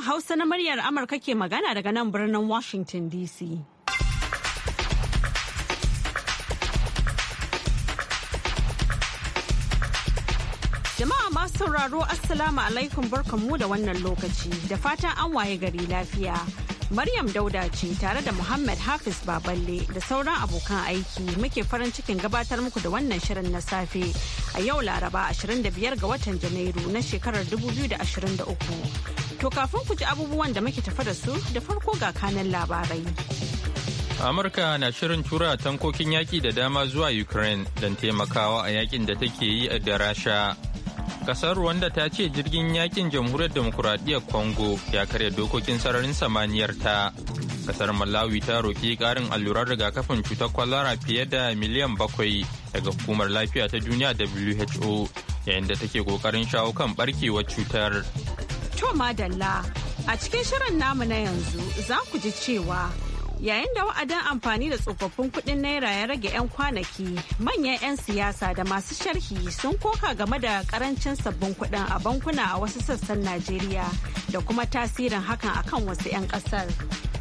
sashen Hausa na muryar Amurka ke magana daga nan birnin Washington DC. Jama'a masu sauraro Assalamu alaikum barkanmu da wannan lokaci da fatan an waye gari lafiya. Maryam Dauda ce tare da Muhammad Hafiz Baballe da sauran abokan aiki muke farin cikin gabatar muku da wannan shirin na safe a yau Laraba 25 ga watan Janairu na shekarar 2023. To kafin ku ji abubuwan da muke tafa da su da farko ga kanan labarai. Amurka na shirin tura tankokin yaƙi da dama zuwa Ukraine don taimakawa a yakin da take yi da Rasha. Kasar Rwanda ta ce jirgin yakin jamhuriyar demokuraɗiyyar Congo ya karya dokokin sararin samaniyar ta. Kasar Malawi ta roƙi ƙarin allurar rigakafin cutar kwalara fiye da miliyan bakwai daga hukumar lafiya ta duniya WHO yayin da take ƙoƙarin shawo kan ɓarkewar cutar. To madalla a cikin shirin namu na yanzu za ku ji cewa Yayin da wa'adin amfani da tsofaffin kudin naira ya rage 'yan kwanaki, manyan 'yan siyasa da masu sharhi sun koka game da karancin sabbin kudin a bankuna a wasu sassan Najeriya da kuma tasirin hakan akan wasu 'yan kasar.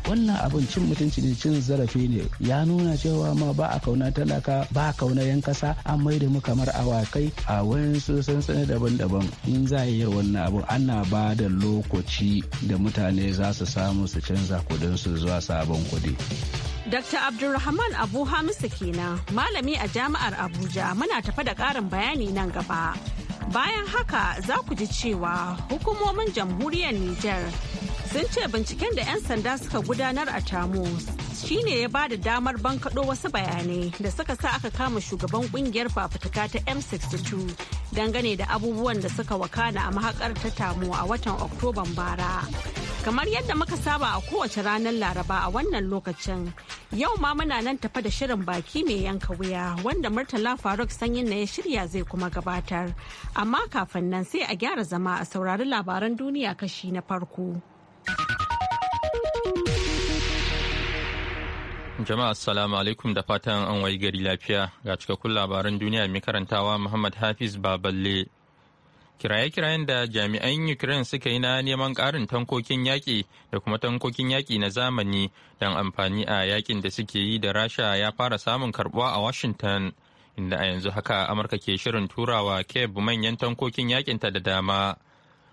wannan abin cin mutunci ne cin zarafi ne ya nuna cewa ma ba a kauna talaka ba a kauna yan kasa an mai da mu kamar awakai a wasu sansani daban-daban in za a yi wannan abu ana ba da lokaci da mutane za su samu su canza kudin su zuwa sabon kudi. Dr. Abdulrahman Abu Hamisu kenan malami a jami'ar Abuja muna tafa da ƙarin bayani nan gaba. Bayan haka za ku ji cewa hukumomin jamhuriyar Nijar sun ce binciken da 'yan sanda suka gudanar a tamus shine ya ba da damar bankaɗo wasu bayanai da suka sa aka kama shugaban kungiyar fafutuka ta m62 dangane da abubuwan da suka wakana a mahakar ta tamu a watan oktoban bara kamar yadda muka saba a kowace ranar laraba a wannan lokacin yau ma muna nan tafa da shirin baki mai yanka wuya wanda murtala faruk sanyin na ya shirya zai kuma gabatar amma kafin nan sai a gyara zama a saurari labaran duniya kashi na farko Jama'a assalamu alaikum da fatan an wayi gari lafiya ga cikakkun labaran duniya mai karantawa Muhammad Hafiz Baballe. Kiraye-kirayen da jami'an Ukraine suka yi na neman ƙarin tankokin yaƙi da kuma tankokin yaƙi na zamani don amfani a yaƙin da suke yi da Rasha ya fara samun karɓuwa a Washington, inda a yanzu haka Amurka ke shirin turawa Kyiv manyan tankokin yaƙinta da dama.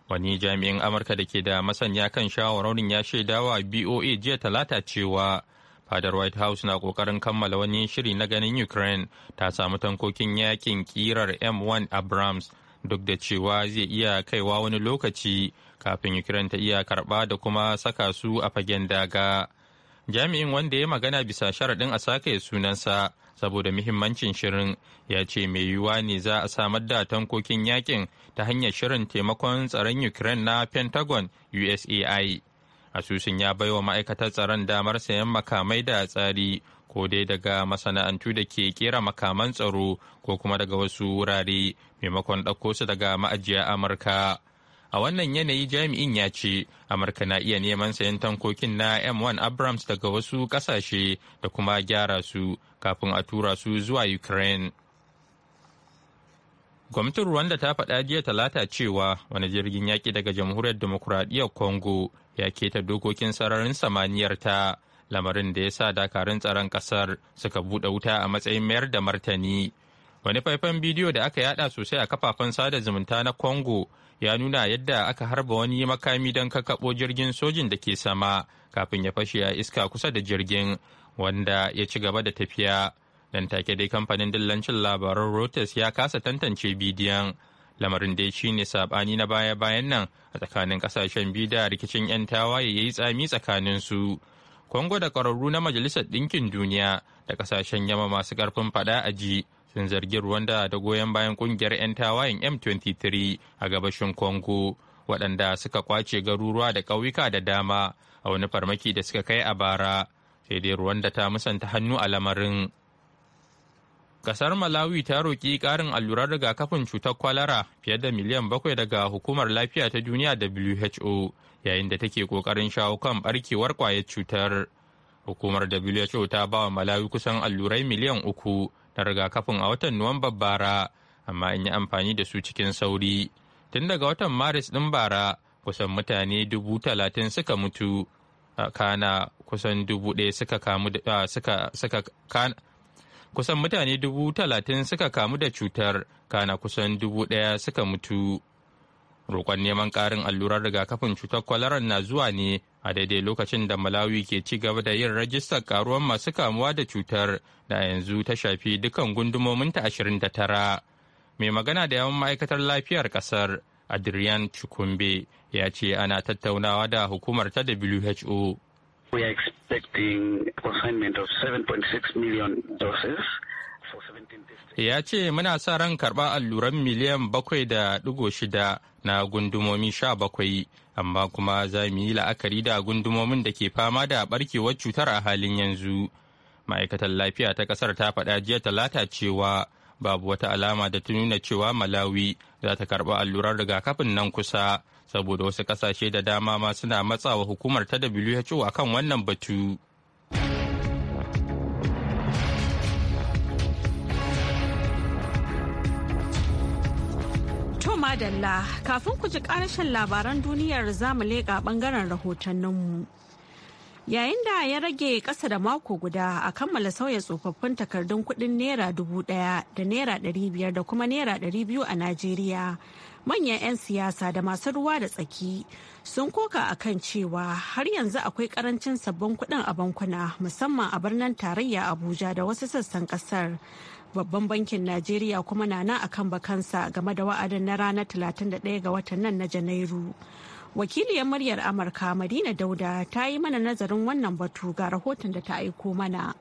Wani jami'in Amurka da ke da masaniya kan shawarwarin ya shaidawa BOA jiya talata cewa fadar white house na kokarin kammala wani shiri na ganin ukraine ta samu tankokin yakin kirar m1 abrams duk da cewa zai iya kaiwa wani lokaci kafin ukraine ta iya karba da kuma saka su a fagen daga jami'in wanda ya magana bisa sharaɗin a sake sunansa saboda muhimmancin shirin ya ce mai yiwuwa ne za a samar da tankokin yakin ta hanyar shirin taimakon tsaron ukraine na pentagon usai asusun ya bai wa ma'aikatar tsaron damar sayan makamai da tsari ko dai daga masana'antu da ke kera makaman tsaro ko kuma daga wasu wurare maimakon ɗauko su daga ma'ajiya amurka a wannan yanayi jami'in ya ce amurka na iya neman sayan tankokin na m1 abrams daga wasu ƙasashe da kuma gyara su kafin a tura su zuwa ukraine gwamnatin rwanda ta faɗa jiya talata cewa wani jirgin yaƙi daga jamhuriyar demokuraɗiyyar congo ya keta dokokin sararin samaniyar ta lamarin da ya sa dakarun tsaron kasar suka buɗe wuta a matsayin mayar da martani wani faifan bidiyo da aka yada sosai a kafafen sada zumunta na congo ya nuna yadda aka harba wani makami don kakabo jirgin sojin da ke sama kafin ya fashe a iska kusa da jirgin wanda ya ci gaba da tafiya nan take dai kamfanin dillancin labaran reuters ya kasa tantance bidiyon lamarin dai shine sabani na baya-bayan nan a tsakanin kasashen biyu da rikicin 'yan tawaye ya yi tsami tsakanin su kongo da kwararru na majalisar ɗinkin duniya da kasashen yamma masu ƙarfin fada a ji sun zargi rwanda da goyon bayan ƙungiyar 'yan tawayen m23 a gabashin congo waɗanda suka kwace garuruwa da ƙauyuka da dama a wani farmaki da suka kai a bara sai dai rwanda ta musanta hannu a lamarin Kasar Malawi ta roƙi ƙarin allurar rigakafin cutar kwalara fiye da miliyan bakwai daga hukumar lafiya ta duniya WHO yayin da take ƙoƙarin shawo kan ɓarkewar ƙwayar cutar. Hukumar WHO ta ba wa Malawi kusan allurai miliyan uku na rigakafin a watan Nuwamba bara, amma an yi amfani da su cikin sauri. Tun daga watan Maris ɗin bara, kusan mutane dubu talatin suka mutu kana kusan dubu ɗaya suka kamu suka, suka, kusan mutane dubu talatin suka kamu da cutar kana kusan dubu ɗaya suka mutu roƙon neman ƙarin allurar rigakafin cutar kwalara na zuwa ne a daidai lokacin da malawi ke ci gaba da yin rajistar karuwan masu kamuwa da cutar da yanzu ta shafi dukkan gundumominta tara. mai magana da yawan ma'aikatar lafiyar ƙasar adrian chukwumbe ya ce ana tattaunawa da hukumar ta who We are expecting consignment of 7.6 million doses. Ya ce muna sa ran karɓa alluran miliyan bakwai da ɗigo shida na gundumomi sha bakwai, amma kuma za mu yi la'akari da gundumomin da ke fama da ɓarkewar cutar a halin yanzu. Ma'aikatar lafiya ta ƙasar ta faɗa jiya talata cewa babu wata alama da ta nuna cewa Malawi za ta karɓa allurar rigakafin nan kusa. saboda wasu kasashe da dama ma suna matsawa hukumar ta WHO akan wannan batu. madalla kafin ku ji karshen labaran duniyar zamu leƙa bangaren rahotanninmu. yayin da ya rage ƙasa da mako guda a kammala sauya tsofaffin takardun kuɗin naira dubu ɗaya da naira ɗari biyar da kuma naira ɗari biyu a najeriya manyan 'yan siyasa da masu ruwa da tsaki sun koka a kan cewa har yanzu akwai karancin sabbin kuɗin a bankuna musamman a birnin tarayya abuja da wasu sassan ƙasar babban bankin najeriya kuma na nan akan bakansa game da wa'adin na ranar 31 ga watan nan na janairu wakiliyar muryar amurka madina dauda ta yi mana nazarin wannan batu ga rahoton da ta aiko mana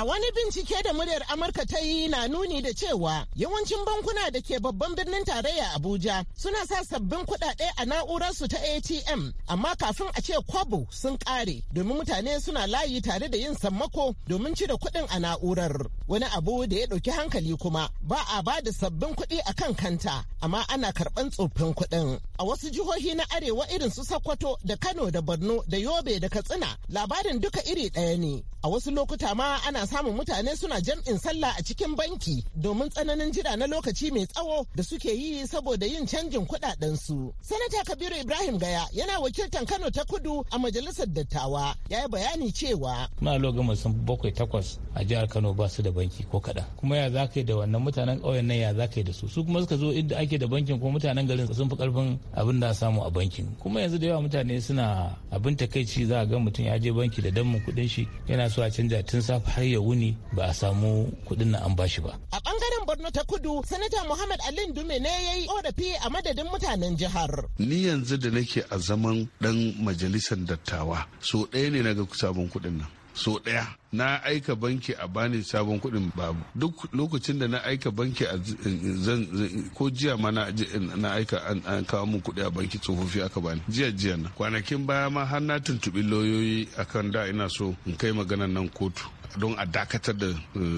A wani bincike da muryar Amurka ta yi na nuni da cewa yawancin bankuna da ke babban birnin tarayya Abuja suna sa sabbin kuɗaɗe a na'urarsu ta ATM amma kafin a ce kwabo sun ƙare domin mutane suna layi tare da yin sammako domin cire kuɗin a na'urar. Wani abu da ya ɗauki hankali kuma ba a ba da sabbin kuɗi a kan kanta amma ana karɓan tsoffin kuɗin. A wasu jihohi na arewa irin su Sokoto da Kano da Borno da Yobe da Katsina labarin duka iri ɗaya ne. a wasu lokuta ma ana samun mutane suna jam'in sallah a cikin banki domin tsananin jira na lokaci mai tsawo da suke yi saboda yin canjin kudaden su sanata kabiru ibrahim gaya yana wakiltan kano ta kudu a majalisar dattawa ya yi bayani cewa muna logan sun bakwai takwas a jihar kano ba su da banki ko kaɗan kuma ya za yi da wannan mutanen ƙauyen nan ya za yi da su su kuma suka zo inda ake da bankin ko mutanen garin sun fi karfin abin da samu a bankin kuma yanzu da yawa mutane suna abin takaici za a ga mutum ya je banki da dammin kudin shi yana su a canja tun safe har ya wuni ba a samu kuɗin na an bashi ba. A ɓangaren Borno ta Kudu, Sanata Muhammad Ali Dume ne ya yi ƙorafi a madadin mutanen jihar. Ni yanzu da nake a zaman ɗan majalisar dattawa, so ɗaya ne na ga sabon kuɗin nan. so ɗaya na aika banki a bani sabon kuɗin babu duk lokacin da na aika banki a eh, eh, zan ko jiya ma na eh, aika an kawo mun kuɗi a banki tsofaffi aka bani jiya jiya na kwanakin baya ma har na tuntuɓi lauyoyi akan da ina so in kai maganan nan kotu don a dakatar da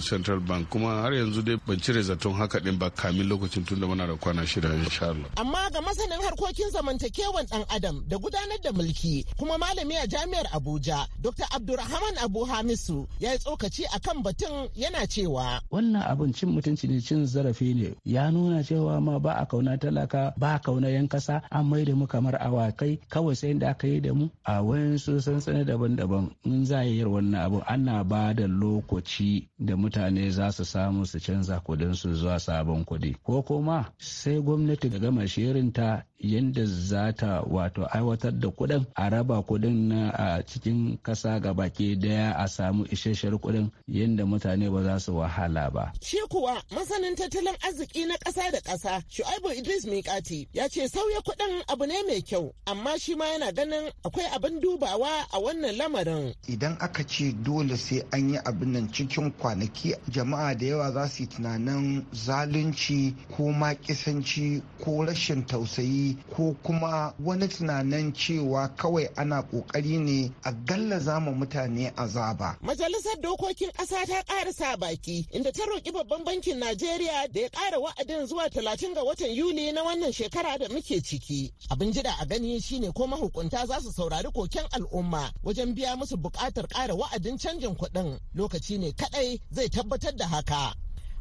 central bank kuma har yanzu dai ban cire zaton haka din ba kamin lokacin tunda muna da kwana shida insha Allah amma ga masanin harkokin zamantakewan dan adam da gudanar da mulki kuma malami a jami'ar Abuja Dr. Abdulrahman Abu Hamisu ya yi tsokaci a kan batun yana cewa. Wannan abin cin mutunci ne cin zarafi ne ya nuna cewa ma ba a kauna talaka ba a kauna yan kasa an mai da mu kamar awakai kawai sai da aka yi da mu a wayansu sansani daban-daban in za a yi wannan abin ana ba da lokaci da mutane za su samu su canza kudin su zuwa sabon kudi ko kuma sai gwamnati da gama shirinta yadda za ta wato aiwatar da kuɗin a raba kuɗin na a cikin ƙasa baki daya a samu isasshen kuɗin yadda mutane ba za su wahala ba. Shi kuwa masanin tattalin arziki na ƙasa da ƙasa Shu'aibu Idris Mikati ya ce sauya kuɗin abu ne mai kyau amma shi ma yana ganin akwai abin dubawa a wannan lamarin. Idan aka ce dole sai an yi abin nan cikin kwanaki jama'a da yawa za su yi tunanin zalunci ko makisanci ko rashin tausayi ko kuma wani tunanin cewa kawai ana kokari ne a galla ma mutane azaba. Majalisar dokokin ƙasa ta ƙarasa baki inda ta roƙi babban bankin Najeriya da ya ƙara wa'adin zuwa talatin ga watan Yuli na wannan shekara da muke ciki. Abin jira a gani shine ko mahukunta za su saurari koken al'umma wajen biya musu buƙatar ƙara wa'adin canjin kuɗin lokaci ne kaɗai zai tabbatar da haka.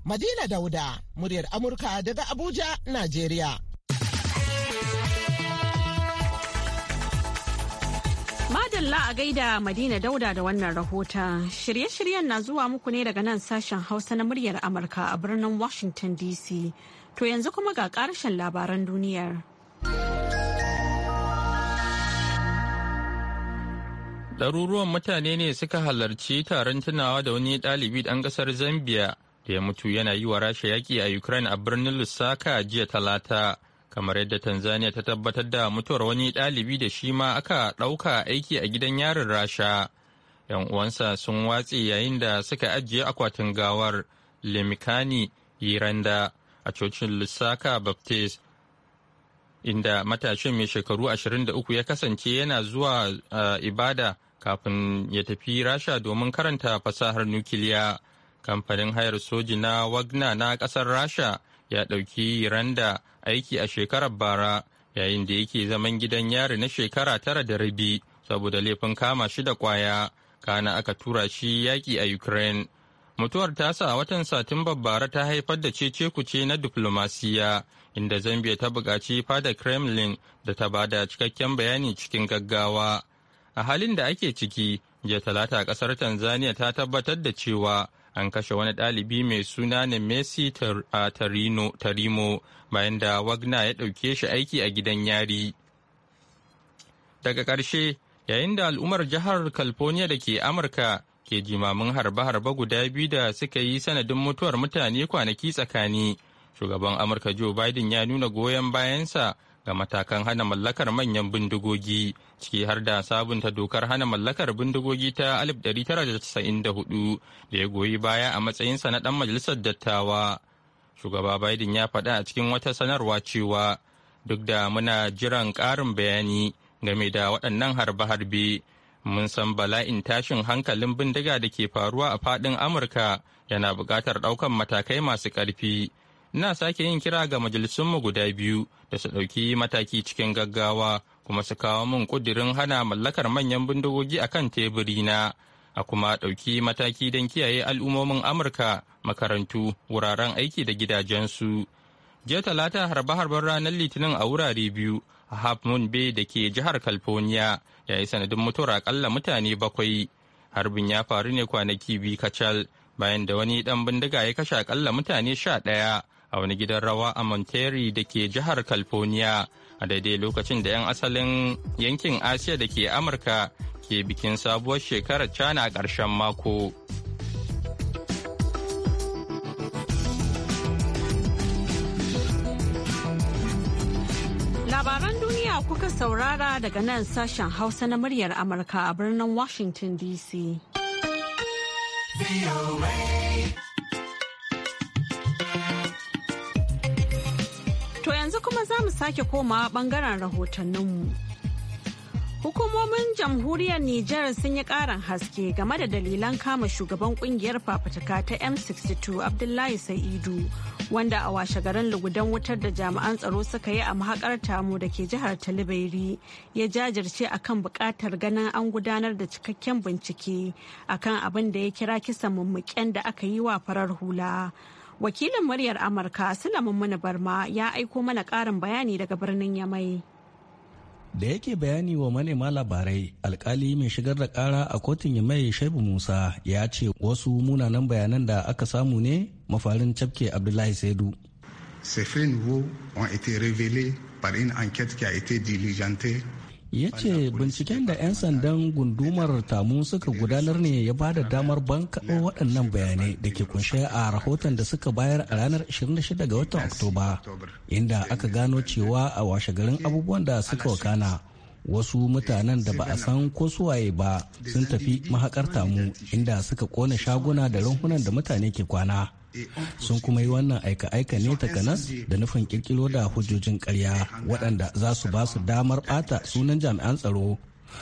Madina Dauda, muryar Amurka daga Abuja, Najeriya. Madalla a gaida Madina Dauda da wannan rahota. Shirye-shiryen na zuwa muku ne daga nan sashen Hausa na muryar Amurka a birnin Washington DC. To yanzu kuma ga karshen labaran duniyar. Ɗaruruwan mutane ne suka halarci taron tunawa da wani ɗalibi ɗan ƙasar Zambia da ya mutu yana yi wa rasha yaƙi a Ukraine a birnin Lusaka jiya talata. kamar yadda tanzania ta tabbatar da mutuwar wani ɗalibi da shi ma aka ɗauka aiki a gidan yarin rasha yan uwansa sun watse yayin da suka ajiye akwatin gawar lemikani yiranda a cocin lusaka baptist inda matashin mai shekaru 23 ya kasance yana zuwa eh, ibada kafin ya tafi rasha domin karanta fasahar nukiliya kamfanin hayar soji na wagna na ƙasar rasha ya ɗauki randa aiki a shekarar bara yayin da yake zaman gidan yari na shekara tara da rabi saboda laifin kama shi da kwaya kana aka tura shi yaƙi a ukraine mutuwar tasa a watan satumbar bara ta haifar da cece-kuce na diflomasiya inda zambia ta buƙaci fada kremlin da ta bada cikakken bayani cikin gaggawa a halin da ake ciki jiya talata ƙasar tanzania ta tabbatar da cewa an kashe wani ɗalibi mai suna ne messi tarimo bayan da wagna ya ɗauke shi aiki a gidan yari daga ƙarshe yayin da al'ummar jihar california da ke amurka ke jimamin harbe-harbe guda biyu da suka yi sanadin mutuwar mutane kwanaki tsakani shugaban amurka joe biden ya nuna goyon bayansa ga matakan hana mallakar manyan bindigogi ciki har da sabunta dokar hana mallakar bindigogi ta 1994 da ya goyi baya a matsayinsa na dan majalisar dattawa. Shugaba Biden ya faɗa a cikin wata sanarwa cewa duk da muna jiran ƙarin bayani game da waɗannan harbe-harbe mun san bala'in tashin hankalin bindiga da ke faruwa a faɗin Amurka yana buƙatar ɗaukan matakai masu ƙarfi. ina sake yin kira ga majalisunmu guda biyu da su ɗauki mataki cikin gaggawa kuma su kawo min ƙudirin hana mallakar manyan bindigogi a kan teburina a kuma ɗauki mataki don kiyaye al'ummomin amurka makarantu wuraren aiki da gidajensu jiya talata harba harben ranar litinin a wurare biyu a half moon bay da ke jihar california ya yi sanadin mutuwar akalla mutane bakwai harbin ya faru ne kwanaki biyu kacal bayan da wani ɗan bindiga ya kashe akalla mutane sha ɗaya a wani gidan rawa a monteri da ke jihar California a daidai lokacin da 'yan asalin yankin Asiya da ke Amurka ke bikin sabuwar shekarar China a ƙarshen mako. Labaran duniya kuka saurara daga nan sashen Hausa na muryar Amurka a birnin Washington DC. To yanzu kuma za mu sake komawa bangaren rahotanninmu. Hukumomin jamhuriyar Nijar sun yi ƙarin haske game da dalilan kama shugaban kungiyar fafutuka ta M62 Abdullahi Sa'idu wanda a washe garin lugudan wutar da jami'an tsaro suka yi a mahakar tamu da ke jihar Talibiri ya jajirce akan buƙatar ganin an gudanar da cikakken bincike akan abin da ya kira kisan mummuken da aka yi wa farar hula. Wakilin muryar Amurka Sulaiman Muna Barma ya aiko mana ƙarin bayani daga birnin Yamai. Da yake bayani wa manema labarai, alkali mai shigar da kara a kotun Yamai Shaibu Musa ya ce wasu munanan bayanan da aka samu ne mafarin cafke Abdullahi Saidu. Ces faits nouveaux ont été révélés par une enquête qui a été diligentée ya ce binciken da 'yan sandan gundumar tamu suka gudanar ne ya ba da damar bankaɗo waɗannan bayanai da ke kunshe a rahoton da suka bayar a ranar 26 ga watan oktoba inda aka gano cewa a washe garin abubuwan da suka wakana wasu mutanen da ba a san ko suwaye ba sun tafi mahakar tamu inda suka kona shaguna da ruhunan da mutane ke kwana sun kuma yi wannan aika-aika ne ta takanas da nufin kirkiro da hujjojin karya waɗanda za su ba su damar ɓata sunan jami'an tsaro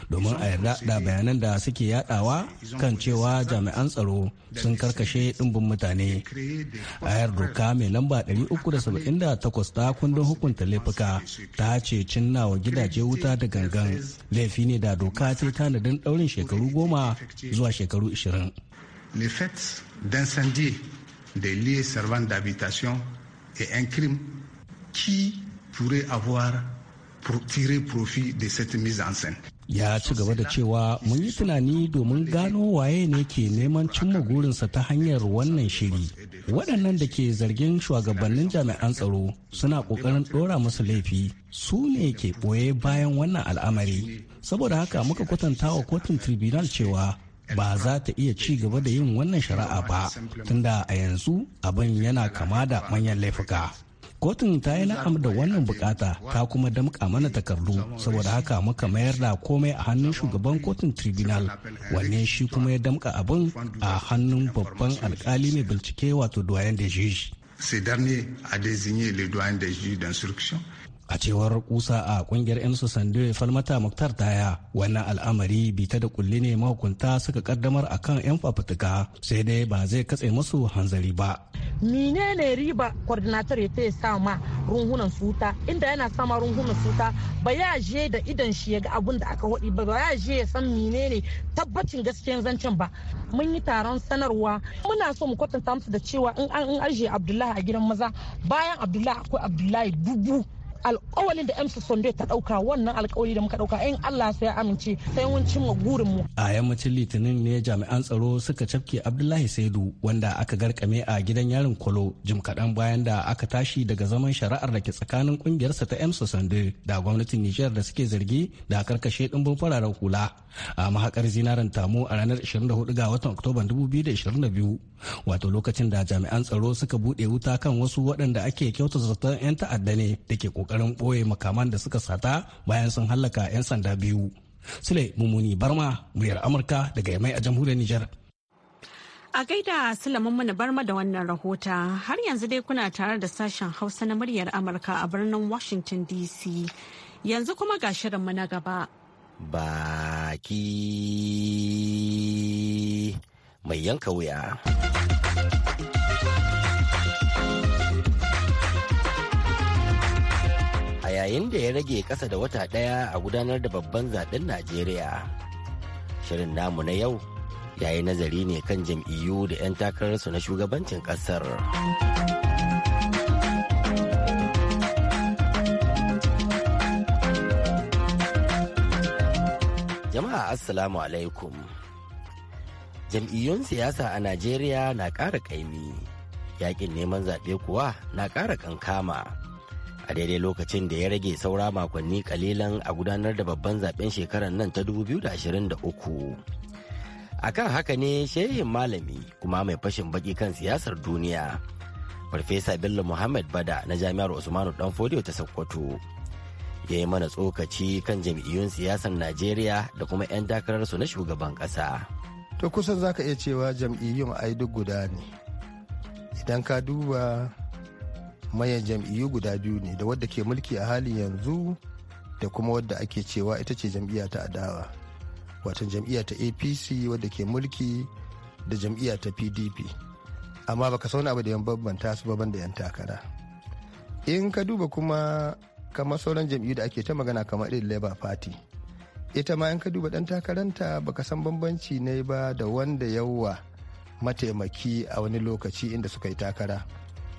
domin a yarda da bayanan da suke yadawa kan cewa jami'an tsaro sun karkashe ɗimbin mutane a 'yar doka mai lamba 378 ta kundin hukunta laifuka ta ce cinnawa gidaje wuta da gangan laifi ne da doka ta yi tanadin ɗaurin shekaru goma zuwa shekaru 20 des lieux servant d'habitation est un crime qui pourrait avoir pour tirer profit de cette mise en scène. ya ci gaba da cewa mun yi tunani domin gano waye ne ke neman cimma gurinsa ta hanyar wannan shiri waɗannan da ke zargin shugabannin jami'an tsaro suna ƙoƙarin ɗora musu laifi su ne ke ɓoye bayan wannan al'amari saboda haka muka kwatanta wa kotun tribunal cewa ba za ta iya ci gaba da yin wannan shari'a ba tunda a yanzu abin yana kama da manyan laifuka kotun ta yi na'am da wannan bukata ta kuma damƙa mana takardu saboda haka muka mayar da komai a hannun shugaban kotun tribunal wanne shi kuma ya damƙa abin a hannun babban alkali mai bincike wato doyen da shi. a désigné a cewar kusa a kungiyar yan sande falmata muktar taya wannan al'amari bita da kulli ne mahukunta suka kaddamar akan yan fafutuka sai dai ba zai katse musu hanzari ba mine ne riba coordinator ya sa ma runhunan suta inda yana sama runhunan suta ba ya je da idan shi ya ga abun da aka waɗi ba ya je ya san mine ne tabbacin gaskiyan zancen ba mun yi taron sanarwa muna so mu kwatanta musu da cewa in an ajiye abdullahi a gidan maza bayan abdullahi akwai abdullahi dubu alkawalin da MC Sonde ta dauka wannan alkawali da muka dauka in Allah sai amince sai mun cimma gurin mu. A yammacin Litinin ne jami'an tsaro suka cafke Abdullahi Saidu wanda aka garkame a gidan yarin Kolo jim kaɗan bayan da aka tashi daga zaman shari'ar da ke tsakanin kungiyarsa ta MC Sonde da gwamnatin Nijar da suke zargi da karkashe dimbin fararen hula a mahakar zinaran tamo a ranar 24 ga watan Oktoba 2022 wato lokacin da jami'an tsaro suka buɗe wuta kan wasu waɗanda ake kyautata zaton 'yan ta'adda ne da ke kokarin ɓoye makaman da suka sata bayan sun hallaka 'yan sanda biyu. Sule Mumuni Barma, muryar Amurka daga Yamai a jamhuriyar Nijar. A gaida Sulaiman mana barma da wannan rahota har yanzu dai kuna tare da sashen Hausa na muryar Amurka a birnin Washington DC. Yanzu kuma ga shirinmu na gaba. Baki mai yanka wuya. yayin da ya rage kasa da wata ɗaya a gudanar da babban zaɓen najeriya shirin namu na yau ya yi nazari ne kan jam'iyyu da 'yan takararsu na shugabancin ƙasar jama'a assalamu alaikum jam'iyyun siyasa a najeriya na ƙara ƙaimi yaƙin neman zaɓe kuwa na ƙara kankama a daidai lokacin da ya rage saura makonni kalilan a gudanar da babban zaben shekarar nan ta 2023 akan haka ne shehin malami kuma mai fashin baki kan siyasar duniya farfesa bello muhammad bada na jami'ar usmanu danfodiyo ta sokoto ya yi mana tsokaci kan jam'iyyun siyasar najeriya da kuma 'yan takararsu na shugaban ƙasa. to kusan za ka iya cewa jam'iyyun ai duk guda ne idan ka duba mayan jam'iyyu guda biyu ne da wadda ke mulki a halin yanzu da kuma wadda ake cewa ita ce jam'iyya ta adawa wato jam'iyya ta apc wadda ke mulki da jam'iyya ta pdp amma baka sauna abu da yan bambanta su babban da yan takara in ka duba kuma kamar sauran jam'iyyu da ake ta magana kamar irin labour party ita ma in ka duba dan takaranta baka san bambanci ne ba da wanda yawa mataimaki a wani lokaci inda suka yi takara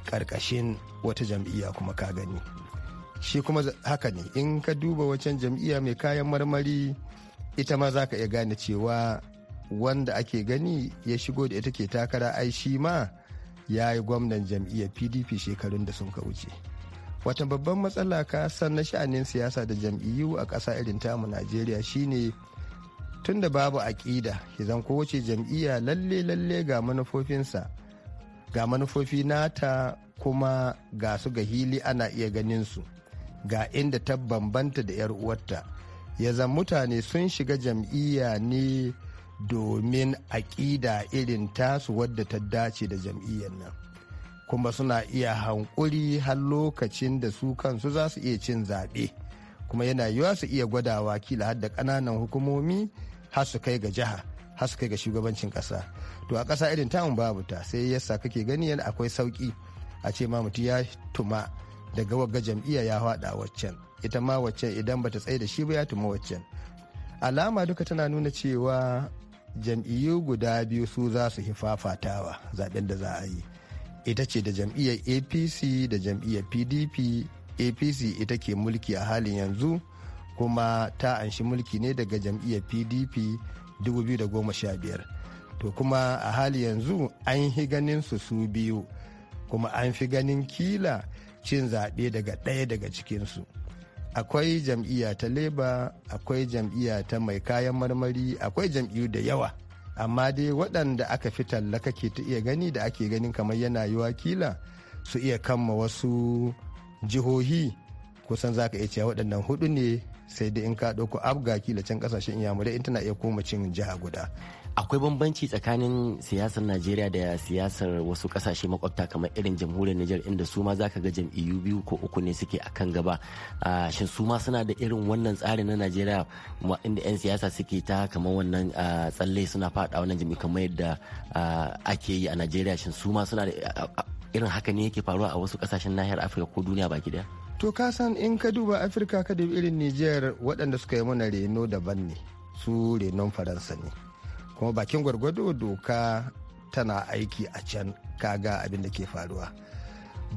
karkashin wata jam'iyya kuma ka gani shi kuma haka ne in ka duba wacan jam'iyya mai kayan marmari ita ma za ka iya gane cewa wanda ake gani ya shigo da ita ke takara ai shi ma ya yi gwamnan jam'iyyar pdp shekarun da sun ka wuce wata babban matsala ka san na sha'anin siyasa da jam'iyyu a ƙasa irin tamu najeriya shine tun da babu aƙida ki zan kowace jam'iyya lalle lalle ga manufofinsa ga manufofi nata kuma ga su ga hili ana iya ganin su ga inda ta bambanta da 'yar uwarta ya zan mutane sun shiga jam'iyya ne domin aƙida irin tasu wadda ta dace da jam'iyyar nan kuma suna iya hankuri har lokacin da su kansu za su iya cin zaɓe kuma yana yiwa su iya gwadawa kila har da ƙananan hukumomi har su kai ga jiha haske ga shugabancin kasa to a kasa irin tamun babu ta sai yasa kake gani yana akwai sauki a ce ma mutum ya tuma daga wagga jam'iyya ya hada waccan ita ma waccan idan bata tsaye da shi ba ya tuma waccan alama duka tana nuna cewa jam'iyyu guda biyu su za su fafatawa zaben da za a yi ita ce da jam'iyyar apc da jam'iyyar pdp apc ita ke mulki a halin yanzu kuma ta anshi mulki ne daga jam'iyyar pdp 2015 to kuma a hali yanzu an yi ganin su su biyu kuma an fi ganin kila cin zaɓe daga ɗaya daga cikinsu akwai jam'iyya ta leba akwai jam'iyya ta mai kayan marmari akwai jam'iyyu da yawa amma dai waɗanda aka fi tallaka ke ta iya gani da ake ganin kamar yana yi kila su iya kama wasu jihohi kusan za ka iya cewa waɗannan hudu ne sai dai in ka ɗauko abga kila can kasashen inyamurai in tana iya koma cin jiha guda akwai bambanci tsakanin siyasar najeriya da siyasar wasu kasashe makwabta kamar irin jamhuriyar niger inda su ma zaka ga jam'iyyu biyu ko uku ne suke akan gaba shin su ma suna da irin wannan tsarin na najeriya inda 'yan siyasa suke ta kamar wannan tsalle suna fada wannan jam'i kamar yadda ake yi a najeriya shin su ma suna da irin haka ne yake faruwa a wasu kasashen nahiyar afirka ko duniya baki daya to ka san in ka duba afirka ka da irin nijar waɗanda suka yi mana reno daban ne su renon faransa ne kuma bakin gwargwado doka tana aiki a can kaga abin da ke faruwa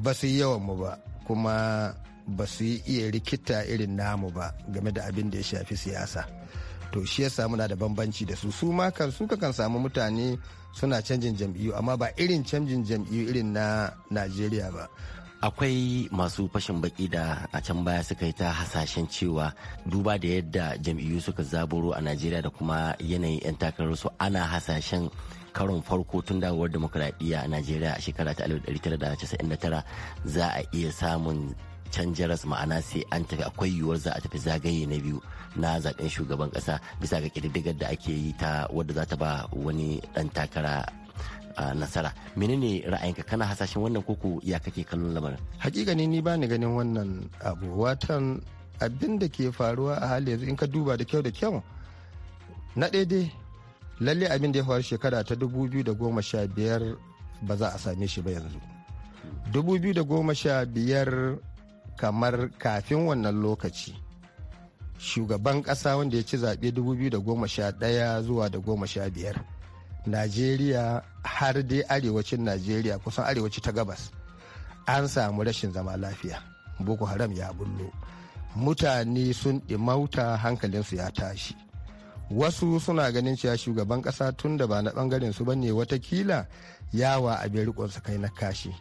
ba su yi yawan mu ba kuma ba su yi iya rikita irin namu ba game da abin da ya shafi siyasa to shi ya samu na da bambanci da su su ma kan su kan samu mutane suna canjin jam'iyyu amma ba irin canjin jam'iyyu irin na najeriya ba akwai masu fashin baki da a can baya suka yi ta hasashen cewa duba da yadda jam'iyyu suka zaburo a najeriya da kuma yanayin 'yan takararsu ana hasashen karon farko tun dawowar demokuraɗiyya a najeriya a shekara ta 1999 za a iya samun canjaras ma'ana sai an tafi akwai yiwuwar za a tafi zagaye na biyu na zaben shugaban kasa bisa ga kididdigar da ake yi ta wadda za ta ba wani dan takara nasara menene ra'ayinka kana hasashen wannan koko ya kake kallon lamarin hakika ne ni bani ganin wannan abu watan abin da ke faruwa a hali yanzu in ka duba da kyau da kyau na daidai lalle abin da ya faru shekara ta 2015 ba za a same shi ba yanzu sha biyar kamar kafin wannan lokaci shugaban kasa wanda ya ci zaɓe ɗaya zuwa da goma sha biyar. najeriya har dai arewacin najeriya kusan arewaci ta gabas an samu rashin zama lafiya boko haram ya bullo mutane sun ɗimauta hankalinsu ya tashi wasu suna ganin cewa shugaban kasa tun da ba na bangaren su bane watakila yawa a bai rikonsa kai na kashi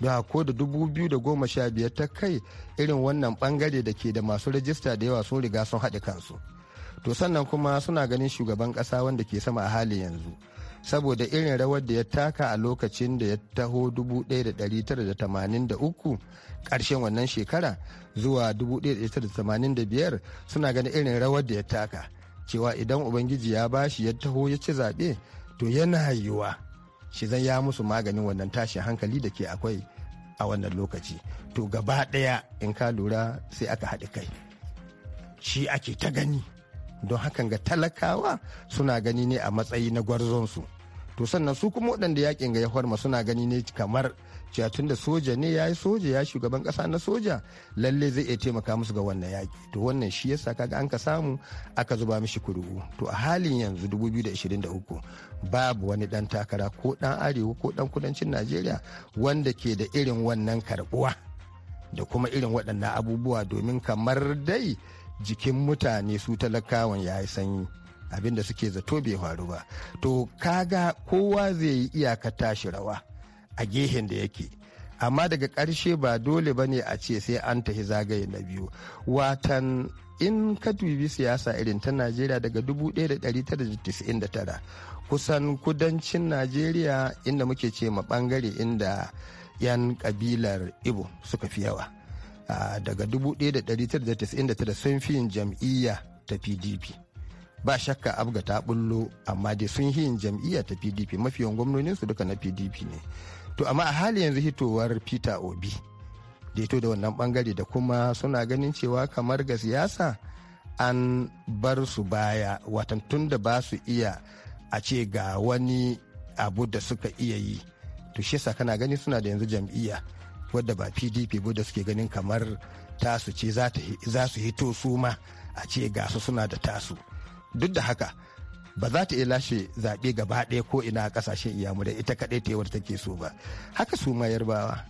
da ko da dubu biyu da goma sha biyar ta kai irin wannan bangare da ke da masu rajista da yawa sun riga sun haɗe kansu to sannan kuma suna ganin shugaban kasa wanda ke sama a hali yanzu saboda irin rawar da ya taka a lokacin da ya taho 1983 ƙarshen wannan shekara zuwa 1985 suna ganin irin rawar da ya taka cewa idan ubangiji ya bashi ya taho ya ci zaɓe to yana yiwuwa shi zan ya musu maganin wannan tashin hankali da ke akwai a wannan lokaci to gaba ɗaya in ka lura sai aka haɗi kai shi ake ta gani don hakan ga talakawa suna gani ne a matsayi na gwarzonsu to sannan su kuma waɗanda yakin ga ya suna gani ne kamar cewa tun da soja ne ya yi soja ya shugaban ƙasa na soja lalle zai iya taimaka musu ga wannan yaki to wannan shi yasa kaga an ka samu aka zuba mishi kuri'u to a halin yanzu 2023 babu wani ɗan takara ko dan arewa ko dan kudancin najeriya wanda ke da irin wannan karbuwa da kuma irin waɗannan abubuwa domin kamar dai jikin mutane su talakawan ya yi sanyi abinda suke zato bai faru ba to kaga kowa zai yi iyaka tashi rawa a gehen da yake amma daga ƙarshe ba dole ba ne a ce sai an tafi zagaye na biyu watan in ka dubi siyasa irin ta najeriya daga 1999 kusan kudancin najeriya inda muke ce ma bangare inda 'yan kabilar ibo suka fi yawa daga 1999 sun fi yin jam'iyya ta pdp ba shakka abga ta bullo amma dai sun yi yin jam'iyya ta pdp mafi mafiyan su duka na pdp ne to amma a hali yanzu hitowar peter obi daito da wannan bangare da kuma suna ganin cewa kamar ga siyasa an bar su baya watan tun da ba su iya a ce ga wani abu da suka iya yi to shi kana gani suna da yanzu jam'iyya wadda ba pdp ba da suke ganin kamar tasu ce za su hito su ma a ce ga su suna da tasu duk da haka ba za ta iya lashe zaɓe gaba ɗaya ko ina ƙasashen ƙasashen iyamurai ita kaɗai ta yi yawar take so ba haka su ma yarbawa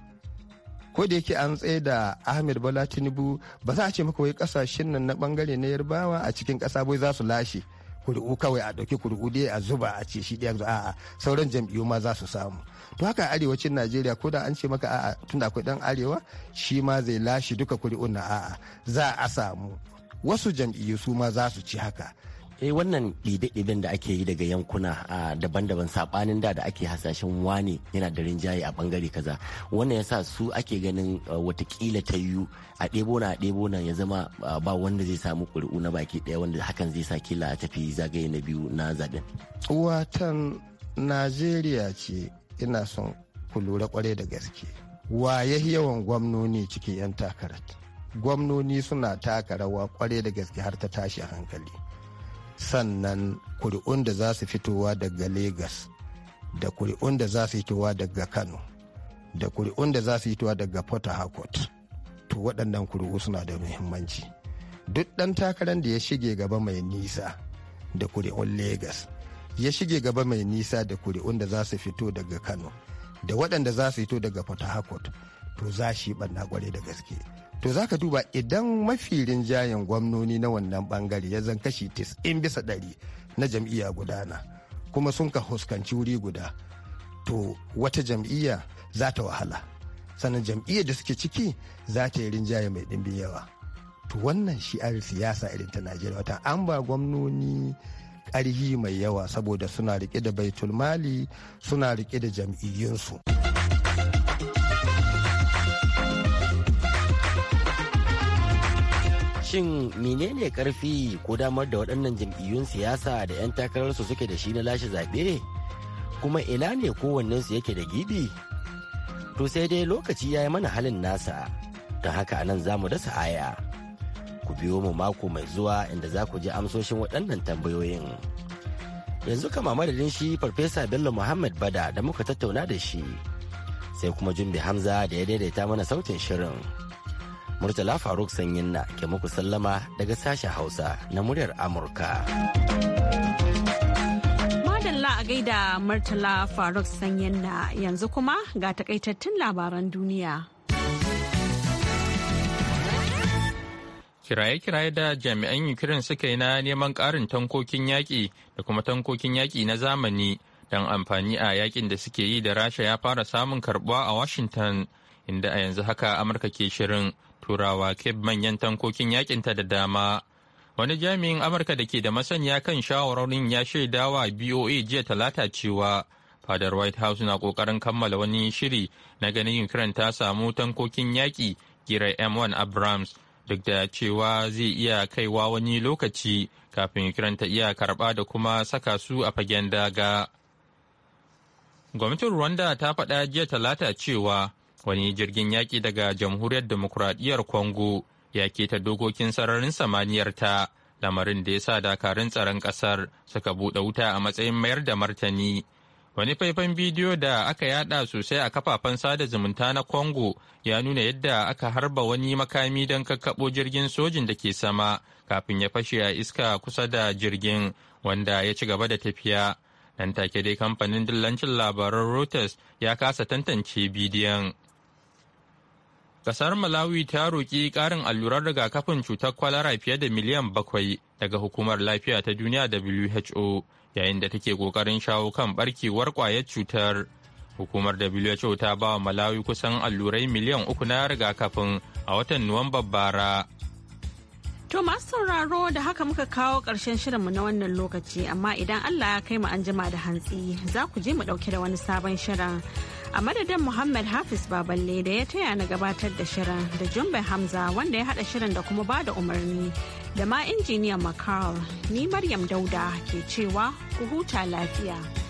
ko da yake an tsaye da ahmed Bala tinubu ba za a ce maka wai ƙasashen nan na ɓangare na yarbawa a cikin ƙasa bai za su lashe kuri'u kawai a ɗauki kuri'u dai a zuba a ce shi ɗaya a'a sauran jam'iyyu ma za su samu to haka arewacin najeriya ko da an ce maka a'a da akwai ɗan arewa shi ma zai lashe duka kuri'un na a'a za a samu wasu jam'iyyu su ma za su ci haka sai eh, wannan ɗide da ake yi daga yankuna a daban-daban saɓanin da da ake hasashen wane yana da rinjaye a bangare kaza wannan yasa su ake ganin watakila ta yiwu a ɗebo na a ɗebo na ya zama ba wanda zai samu ƙuri'u na baki ɗaya wanda hakan zai sa kila a tafi zagaye na biyu na zaɓen. watan najeriya ce ina son ku lura kware da gaske waye yawan gwamnoni cikin 'yan takarar gwamnoni suna taka rawa kwarai da gaske har ta tashi hankali sannan kuri'un da za su fitowa daga Legas da kuri'un da za su fitowa daga Kano da kuri'un da za su fitowa daga Port Harcourt to waɗannan kuri'u suna da muhimmanci duk ɗan takarar da ya shige gaba mai nisa da kuri'un Legas ya shige gaba mai nisa da kuri'un da za su fito daga Kano da waɗanda za su fito daga Port Harcourt to za shi ɓanna kwarai da gaske to za ka duba idan mafi rinjayen gwamnoni na wannan bangare ya zan kashi 90 bisa ɗari na jam'iyya gudana kuma sun ka huskanci wuri guda to wata jam'iyya za ta wahala sannan jam'iyyar da suke ciki za ta yi rinjaye mai ɗimbin yawa to wannan shi shi'ar siyasa irin ta najeriya wata an ba gwamnoni ƙarhi mai yawa saboda suna riƙe da baitulmali suna rike da jam'iyyunsu. shin menene karfi ko damar da waɗannan jam'iyyun siyasa da 'yan takararsu suke da shi na lashe zaɓe kuma ina ne kowannensu yake da gibi to sai dai lokaci ya yi mana halin nasa don haka anan za mu dasa aya ku biyo mu mako mai zuwa inda za ku ji amsoshin waɗannan tambayoyin yanzu kama madadin shi farfesa bello muhammad bada da muka tattauna da shi sai kuma jumbi hamza da ya daidaita mana sautin shirin. Murtala Faruk Sanyin na ke muku sallama daga sashen Hausa na muryar Amurka. Madalla a gaida Murtala Faruk Sanyin na yanzu kuma ga takaitattun labaran duniya. Kiraye-kiraye da jami'an Ukraine suka yi na neman ƙarin tankokin yaƙi da kuma tankokin yaƙi na zamani don amfani a yaƙin da suke yi da Rasha ya fara samun karɓuwa a Washington, inda a yanzu haka Amurka ke shirin turawa cape manyan tankokin yakinta da dama wani jami'in amurka da ke da masaniya kan shawarorin ya shaidawa boa jiya talata cewa fadar white house na kokarin kammala wani shiri na ganin ukraine ta samu tankokin yaƙi gira m1 abrams duk da cewa zai iya kaiwa wani lokaci kafin ukraine ta iya karba da kuma saka su a fagen daga gwamnatin rwanda ta faɗa jiya talata cewa wani jirgin yaƙi daga jamhuriyar demokuraɗiyyar congo ya keta dokokin sararin samaniyar ta lamarin da ya sa dakarun tsaron ƙasar suka buɗe wuta a matsayin mayar da martani wani faifan bidiyo da aka yaɗa sosai a kafafen sada zumunta na congo ya nuna yadda aka harba wani makami don kakkaɓo jirgin sojin da ke sama kafin ya fashe a iska kusa da jirgin wanda ya ci gaba da tafiya nan take dai kamfanin dillancin labaran reuters ya kasa tantance bidiyon Kasar Malawi ta roƙi ƙarin allurar rigakafin cutar kwalara fiye da miliyan bakwai daga hukumar lafiya ta duniya WHO yayin da take ƙoƙarin shawo kan barkewar ƙwayar cutar. Hukumar WHO ta ba wa Malawi kusan allurai miliyan uku na rigakafin a watan Nuwamban bara. To masu sauraro da haka muka kawo ƙarshen shirinmu na wannan lokaci amma idan Allah ya kai mu anjima da hantsi za ku je mu ɗauke da wani sabon shirin. a madadin muhammad hafiz baballe da ya taya na gabatar da shirin da jumbe hamza wanda ya hada shirin da kuma ba da umarni da ma injiniyan makarl ni maryam dauda ke cewa ku huta lafiya.